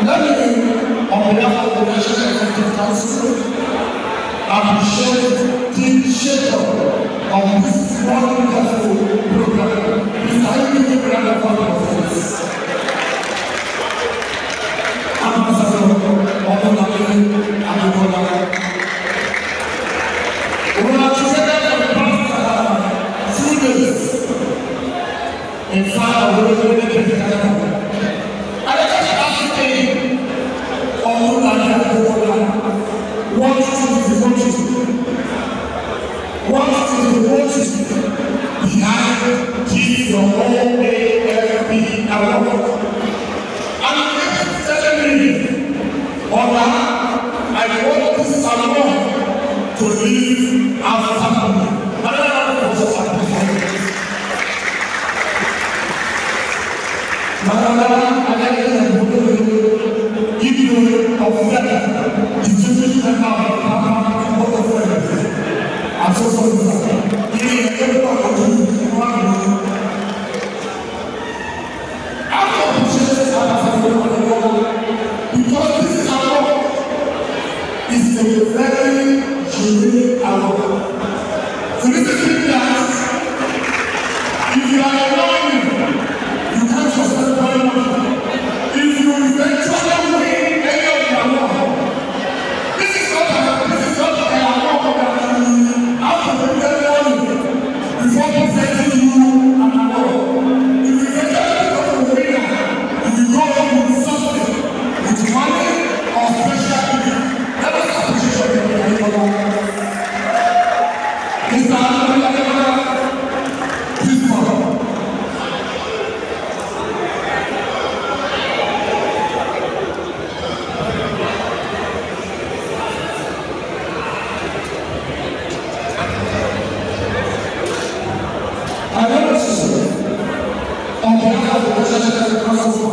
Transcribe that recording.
Normally, on behalf of the National Executive Council, I'm shared team shaker on this wonderful program, this highly relevant conference. Ambassador Obonake Abibola. We are together for the past uh, three days in far away, we from OAFP Award. And I certainly, Ola, I want this to live as family. Another one for sacrifice. Madam, I like to give you a feather, the Jewish member of Papa, and what the friends. I'm so sorry for that. Give me a little bit of is a very unique award. So this is mean that if you are annoying, you can't suspend very much. If you eventually win any of the award, this is not a this is not an award that you have to prepare before presenting you an On behalf of the Church